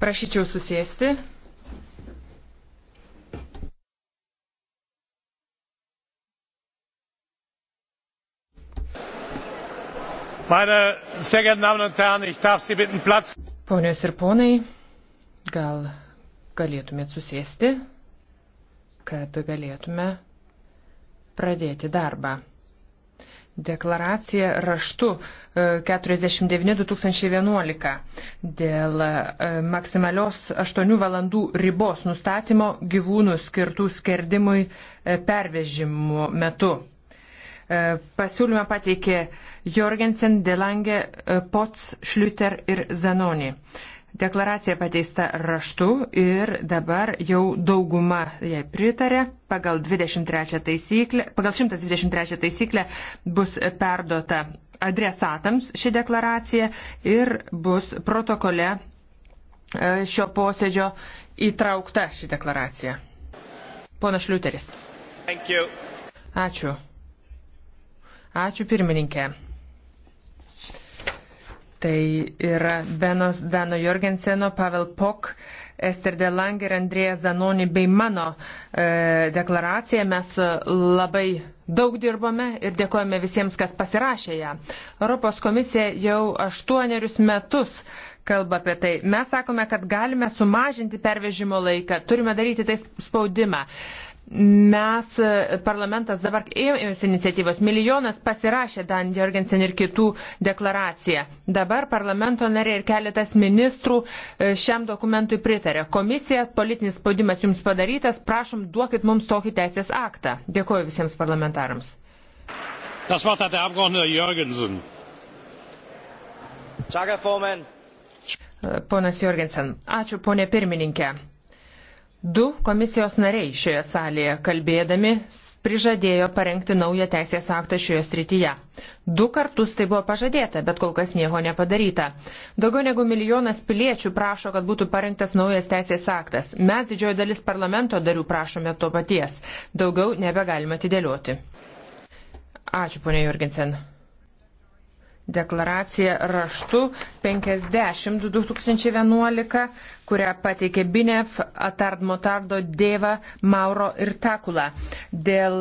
Prašyčiau susėsti. Meine sehr geehrten Damen und Herren, ich darf Sie bitten, Platz. Ponios ir ponai, gal galėtumėt susėsti, kad galėtume pradėti darbą deklaraciją raštu 49-2011 e, dėl e, maksimalios 8 valandų ribos nustatymo gyvūnų skirtų skerdimui e, pervežimo metu. Pasiūlymą pateikė Jorgensen, Delange, Pots, Šliuter ir Zanoni. Deklaracija pateista raštu ir dabar jau dauguma jai pritarė. Pagal, 23 taisyklę, pagal 123 taisyklę bus perdota adresatams ši deklaracija ir bus protokole e, šio posėdžio įtraukta ši deklaracija. Pona Šliuteris. Ačiū. Ačiū pirmininkė. Tai yra Benos Dano Jorgenseno, Pavel Pok, Ester Delang ir Andrėjas Danoni bei mano e, deklaracija. Mes e, labai daug dirbome ir dėkojame visiems, kas pasirašė ją. Europos komisija jau aštuonerius metus kalba apie tai. Mes sakome, kad galime sumažinti pervežimo laiką, turime daryti tai spaudimą. E, mes, e, parlamentas dabar ėmėsi iniciatyvos, milijonas pasirašė Dan Jorgensen ir kitų deklaraciją. Dabar parlamento nariai ir keletas ministrų e, šiam dokumentui pritarė. Komisija, politinis spaudimas jums padarytas, prašom duokit mums tokį teisės aktą. Dėkuoju visiems parlamentarams. Das Wort hat der Abgeordnete Jürgensen. E, ponas Jorgensen, ačiū ponė pirmininkė. Du komisijos nariai šioje salėje kalbėdami prižadėjo parengti naują teisės aktą šioje srityje. Du kartus tai buvo pažadėta, bet kol kas nieko nepadaryta. Daugiau negu milijonas piliečių prašo, kad būtų parengtas naujas teisės aktas. Mes didžioji dalis parlamento darių prašome to paties. Daugiau nebegalime atidėlioti. Ačiū, ponė Jurgensen deklaraciją raštu 50-2011, kurią pateikė Binev, Atard Motardo, Deva, Mauro ir Takula dėl